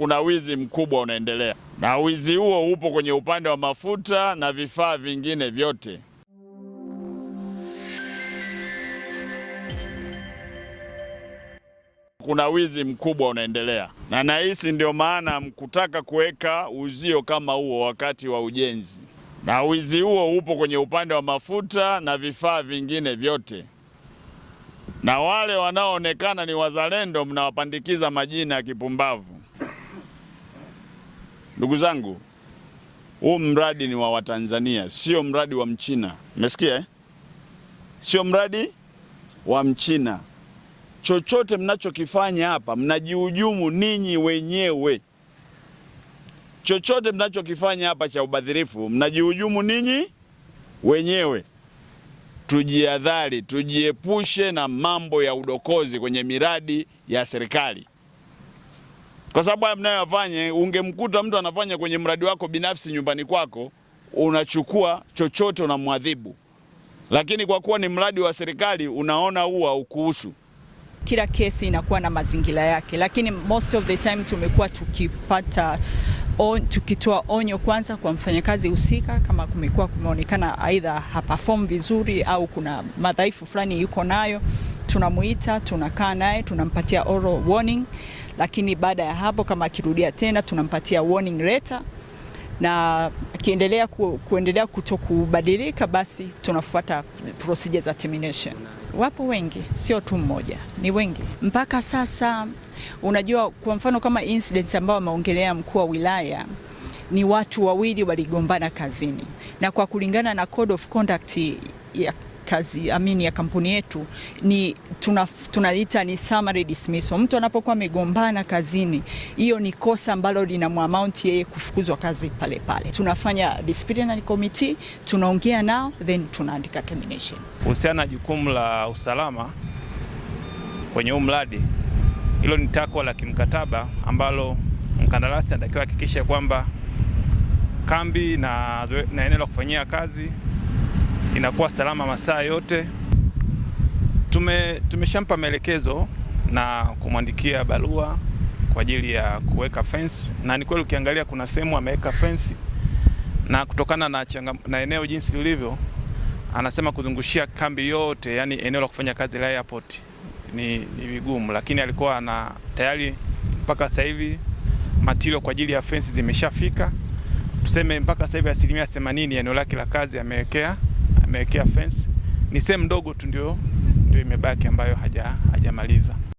kuna wizi mkubwa unaendelea, na wizi huo upo kwenye upande wa mafuta na vifaa vingine vyote. Kuna wizi mkubwa unaendelea, na nahisi ndio maana mkutaka kuweka uzio kama huo wakati wa ujenzi, na wizi huo upo kwenye upande wa mafuta na vifaa vingine vyote na wale wanaoonekana ni wazalendo mnawapandikiza majina ya kipumbavu. Ndugu zangu, huu mradi ni wa Watanzania, sio mradi wa Mchina. Mmesikia eh? Sio mradi wa Mchina. Chochote mnachokifanya hapa mnajihujumu ninyi wenyewe. Chochote mnachokifanya hapa cha ubadhirifu mnajihujumu ninyi wenyewe. Tujihadhari, tujiepushe na mambo ya udokozi kwenye miradi ya serikali kwa sababu haya mnayoyafanya, ungemkuta mtu anafanya kwenye mradi wako binafsi nyumbani kwako, unachukua chochote unamwadhibu, lakini kwa kuwa ni mradi wa serikali unaona huu haukuhusu. Kila kesi inakuwa na mazingira yake, lakini most of the time tumekuwa tukipata on, tukitoa onyo kwanza kwa mfanyakazi husika, kama kumekuwa kumeonekana aidha haperform vizuri au kuna madhaifu fulani yuko nayo, tunamuita, tunakaa naye, tunampatia oral warning lakini baada ya hapo kama akirudia tena tunampatia warning letter, na akiendelea ku, kuendelea kutokubadilika basi tunafuata procedure za termination. Wapo wengi, sio tu mmoja, ni wengi mpaka sasa. Unajua, kwa mfano kama incident ambayo ameongelea mkuu wa wilaya ni watu wawili waligombana kazini, na kwa kulingana na code of conduct ya kazi amini ya kampuni yetu ni tuna, tunaita ni summary dismissal. Mtu anapokuwa amegombana kazini, hiyo ni kosa ambalo linamwamount yeye kufukuzwa kazi pale pale. Tunafanya disciplinary committee, tunaongea nao then tunaandika termination. Kuhusiana na jukumu la usalama kwenye huu mradi, hilo ni takwa la kimkataba ambalo mkandarasi anatakiwa hakikisha kwamba kambi na, na eneo la kufanyia kazi inakuwa salama masaa yote. Tume, tumeshampa maelekezo na kumwandikia barua kwa ajili ya kuweka fence, na ni kweli ukiangalia kuna sehemu ameweka fence, na kutokana na, changa, na eneo jinsi lilivyo, anasema kuzungushia kambi yote, yani eneo la kufanya kazi la airport ni, ni vigumu, lakini alikuwa na tayari mpaka sasa hivi matilo kwa ajili ya fence zimeshafika, tuseme mpaka sasa hivi asilimia ya eneo lake la kazi amewekea amewekea fence. Ni sehemu ndogo tu ndio ndio imebaki ambayo hajamaliza haja